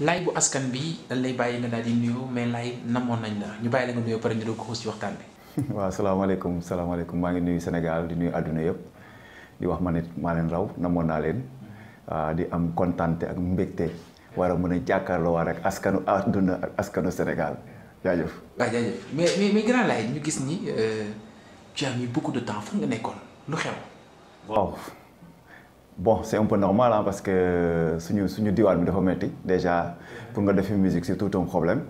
laay bu askan bi dañ lay bàyyi nga daal di nuyu mais laay namoon nañ la ñu bàyyi la nga nuyoo pare ñu doog ko ci waxtaan bi. waaw salaamaaleykum salaamaaleykum maa ngi nuyu Sénégal di nuyu àdduna yëpp di wax ma ne maa leen raw namoon naa leen ah, di am kontante ak mbégte war a mën a jàkkaarloo waa rek askanu àdduna ak askanu Sénégal jaajëf. waaw jaajëf mais mais mais grand ñu gis nii euh, tu as mis beaucoup de temps fu nga nekkoon lu xew. bon c'est un peu normal ah parce que suñu suñu diwaan bi dafa metti déjà pour nga defi musique c'est tout un problème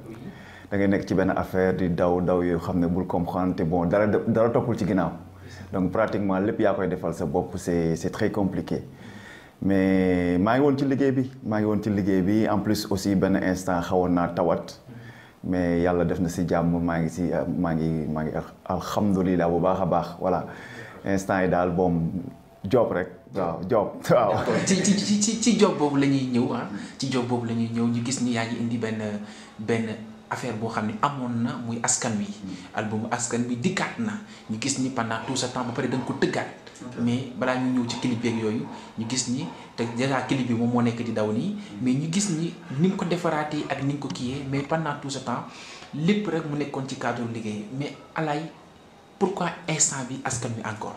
da ngay nekk ci benn affaire di daw daw yoo xam ne bul comprendre te bon dara dara toppul ci ginnaaw donc pratiquement lépp yaa koy defal sa bopp c'est c'est très compliqué mais maa ngi woon ci liggéey bi maa ngi woon ci liggéey bi en plus aussi benn instant xawoon naa tawat mais yàlla def na si jàmm maa ngi si maa ngi maa ngi alhamdulilah bu baax a voilà instant yi daal boom job waaw job waaw. ci ci ci ci job boobu la ñuy ñëw ah ci job boobu la ñuy ñëw ñu gis ni yaa ngi indi benn benn affaire boo xam ne amoon na muy askan wi. Hmm. album askan wi dikkaat na ñu gis ni pendant tout ce temps ba pare da nga ko tëggaat. mais balaa ñu ñëw ci clip yeeg yooyu ñu gis ni te déjà clip bi moom moo nekk di daw nii. Hmm. mais ñu gis ni ni nga ko defaraatee ak ni nga ko kii mais pendant tout ce temps lépp rek mu nekkoon ci cadre liggéey mais Alaye pourquoi instant bi askan wi encore.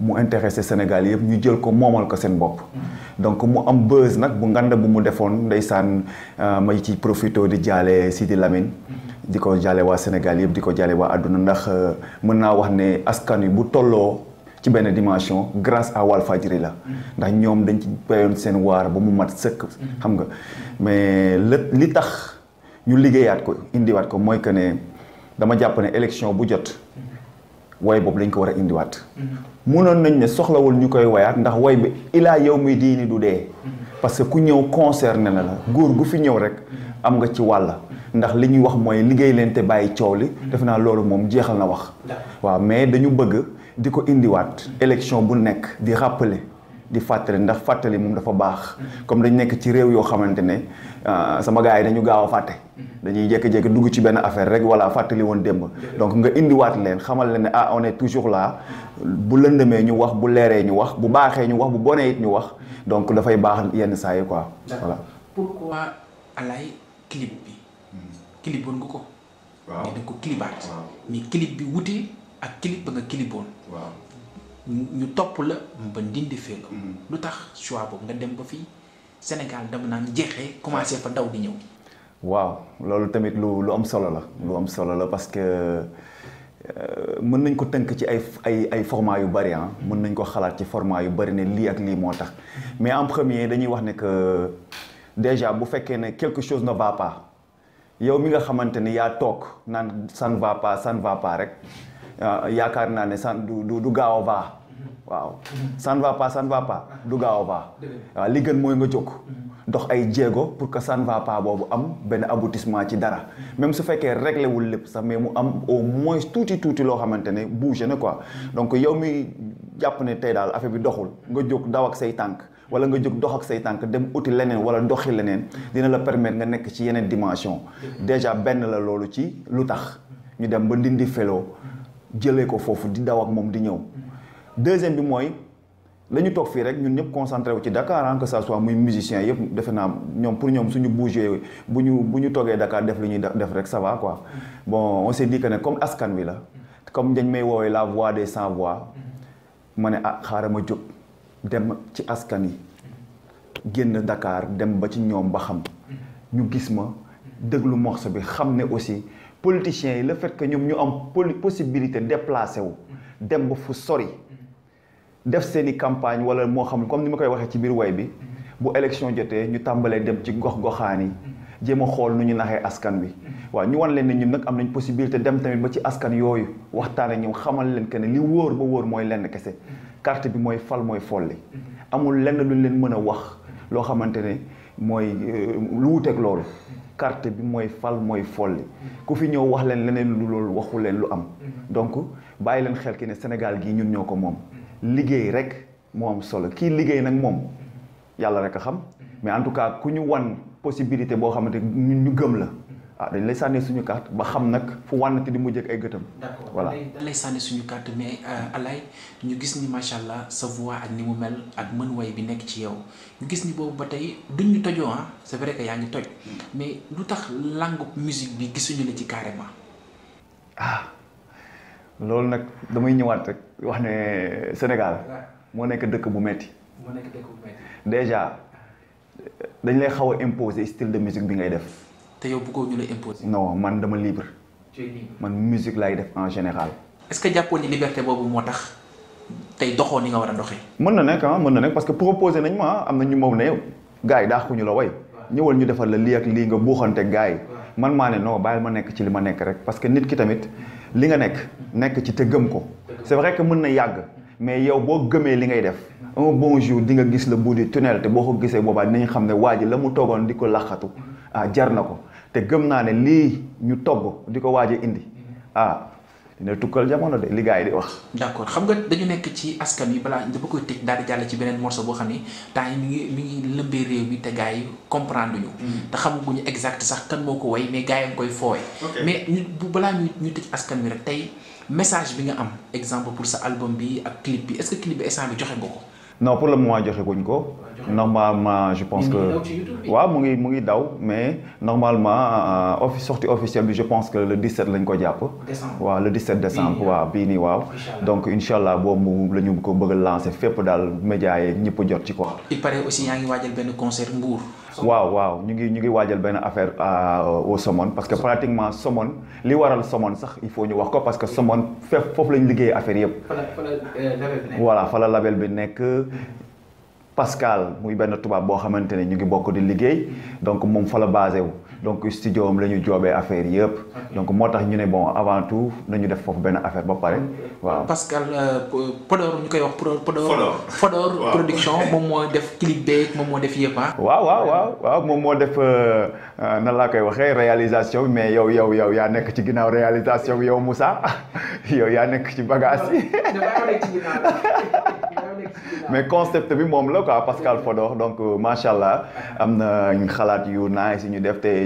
mu intéressé sénégal yépp ñu jël ko moomal ko seen bopp donc mu am buzz nag bu nganda bu mu defoon ndeysaan euh, ma ci profito di jaale sidi lamine di ko jaale waa sénégal yépp di ko jaale waa nak ndax euh, mën naa wax ne askan wi bu tolloo ci benn dimension grâce à wal fajri la ndax ñoom dañ ci bayoon seen waar ba mu mat sëkk xam nga mais le li tax ñu liggéeyaat ko indiwaat ko mooy que ne dama jàpp ne élection bu jot way boobu lañ ko war a indiwaat. mënoon mhm. nañ ne soxlawul ñu koy woyaat ndax way bi ilaa yow mi diini du dee. Mhm. parce que ku ñëw concerné na la mhm. góor gu fi ñëw rek am nga ci wàll. ndax li ñuy wax mooy liggéey leen te bàyyi coow li. def naa loolu moom jeexal na wax. waaw mais dañu bëgg di ko indiwaat. élection bu nekk di rappeler. di ndax dafa comme dañ nek ci rew yo xamantene euh, sama dañu a dañuy Ils dugg ci ben affaire rek donc nga ah, on est toujours là bu ñu wax bu léré ñu wax bu baxé ñu wax bu boné ñu wax donc yenn quoi pourquoi allait clip bi clip bon ko waaw ni ko clip bi ak clip clip ñu top la ba ndindi fee la mm-hmm. lu tax choix boobu nga dem ba fi Sénégal dama naan jéxé commencé fa ndaw di ñew waaw loolu tamit lu lu am solo la lu am solo la parce que euh, mën nañ ko tënk ci ay ay ay format yu bari ah mën nañ ko xalaat ci format yu bari ne lii ak lii moo tax mm-hmm. mais en premier dañuy wax ne que déjà bu fekkee ne quelque chose ne va pas yow mi nga xamante ne yaa toog naan ça ne va pas ça ne va pas rek yaakaar naa ne san du du gaaw a baax waaw ça ne va pas ça va pas du gaaw a baax waaw li gën mooy nga jóg dox ay jéego pour que ça ne va pas boobu am benn aboutissement ci dara même su fekkee réglé wul lépp sax mais mu am au moins tuuti tuuti loo xamante ne bougé na quoi donc yow mi jàpp ne tey daal affaire bi doxul nga jóg daw ak say tànk wala nga jóg dox ak say tànk dem uti leneen wala doxi leneen dina la permettre nga nekk ci yeneen dimension déjà benn la loolu ci lu tax ñu dem ba ndindi feloo jëlee ko fofu di daw ak mom di ñëw. deuxième bi moy la tok fi rek ñun ñëpp concentré wu ci Dakar hein que ça soit muy musicien yëpp defe na ñom pour ñom suñu bougé buñu buñu bu Dakar def li ñuy def rek ça va quoi. bon on s'est dit que ne comme askan wi la. comme dañ may woowee la voix des sans voix. mané ne ah xaaral ma dem ci askan yi. génn Dakar dem ba ci ñom ba xam. ñu gis ma déglu morceau bi xamné aussi. politiciens yi la fait que ñoom ñu am possibilité déplacé wu dem ba fu sori def seen i campagne wala moo xam comme ni ma koy waxee ci biir way bi bu élection jotee ñu tàmbalee dem ci gox-goxaan yi jéem a xool nu ñu naxee askan wi waaw ñu wan leen ne ñun nag am nañ possibilité dem tamit ba ci askan yooyu waxtaan ak ñoom xamal leen que ne li wóor ba wóor mooy lenn kese carte bi mooy fal mooy folli amul lenn luñ leen mën a wax loo xamante ne mooy euh, lu wuteeg loolu carte bi mooy fal mooy folli ku fi ñëw wax leen leneen lu loolu waxu leen lu am donc bàyyi leen xel ki ne Sénégal gii ñun ñoo ko moom liggéey rek moo am solo kii liggéey nag moom yàlla rek a xam mais en tout cas ku ñu wan possibilité boo xamante ñu gëm la ah dañ lay sànnee suñu carte ba xam nag fu wànnati di mujjee ak ay gëtam. d'accord voilà dañ lay sànnee suñu carte mais euh, Alay ñu gis ni macha allah sa voix ak ni mu mel ak mën way bi nekk ci yow ñu gis ni boobu ba tey du ñu tojoo ah c'est vrai que yaa ngi toj mais lu tax langue musique bi gisuñu la ci carrément. ah loolu nag damay ñëwaat rek wax ne Sénégal moo nekk dëkk bu metti moo nekk déjà dañ lay xaw a imposer style de musique bi ngay def. te yow bëggoo ñu la imposer. non man dama libre. man musique lay def en général. est-ce que ni liberté boobu moo tax tey doxoo ni nga war a doxee. mën na nekk ah mën na nekk parce que proposé nañ ma ah, am na ñu moom ne yow gars yi daaxuñu la way ñëwal ñu defal la lii ak lii nga buuxante gars yi man maa ne non bàyyil ma nekk ci li ma nekk rek parce que nit ki tamit li nga nekk nekk ci te gëm ko c'est vrai que mën na yàgg mais yow boo gëmee li ngay def un bon jour di nga gis le bout du tunnel boo ko gisee boobaa dinañ xam ne waa ji la mu toogoon di ko laxatu ah jar na ko te gëm naa ne lii ñu togg di ko waaj indi ah dina tukkal jamono de li gars yi di wax. d'accord xam nga dañu nekk ci askan yi balaa dafa koy tëj daal di jàll ci beneen morceau boo xam ni temps yi mi ngi mi ngi lëmbee réew mi te gaa yi comprendre ñu. Hmm. te xamaguñu exact sax kan moo ko way mais gars yi ngi koy fooy. mais bu balaa ñu tëj askan wi rek tey message bi nga am exemple pour sa album bi ak clip bi est-ce que clip bi instant bi joxe nga ko. non pour le moment joxe guñ ko. normalement je pense que. ouais mon ngi mu ngi daw mais normalement euh, office sortie officielle je pense que le 17 lañ ko le 17 décembre. oui, bii nii waaw. donc Inch'Allah, allah le la ko bëgg fait lancer dans le média yi ñëpp jot ci quoi. il paraît aussi a ngi waajal ben concert Mbour. wow wow ñu ngi une ngi waajal benn affaire au Somone parce que pratiquement Somone li waral Somone sax il faut ñu wax parce que Somone fait foofu lañ liggéey affaire yëpp. Euh, voilà faut la label bi nekk. Pascal muy benn tubaab boo xamante ne ñu ngi bokk di liggéey donc moom fa la basé wu. donc si am la ñu joobee affaire yëpp. donc moo tax ñu ne bon avant tout nañu def foofu benn affaire ba pare waaw. Pascal euh, Podor ñu koy wax. production moom moo def clip beeg moom moo def yëpp ah. waaw waaw waaw waaw moom moo def euh, euh, nan laa koy waxee réalisation mais yow yow yow yaa nekk ci ginnaaw réalisation bi yow Moussa yow yaa nekk ci bagage yi. mais concept bi moom la quoi Pascal Podor donc macha allah am na xalaat yu naa yu ñu def te.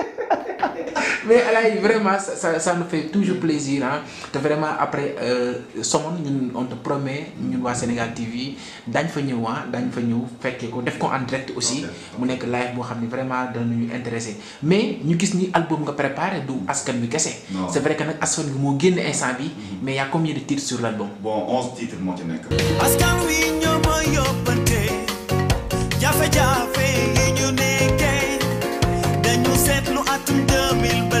mais Alaï vraiment ça, ça, ça nous fait toujours plaisir tu hein. te vraiment après euh, somon ñun on te promet ñun waa Sénégal TV dañ fa ñëw ah dañ fa ñëw fekkee ko def ko en direct aussi mu nekk live boo xam vraiment de nous intéressé mais ñu gis ni album nga préparé du askan bi kese. c'est vrai que nag askan bi moo génn instant bi mhm. mais il y a combien de titres sur l'album. bon onze titres moo askan wi ñoo ma y'a jafe y'a yi ñu زيت له قد مداوي البلد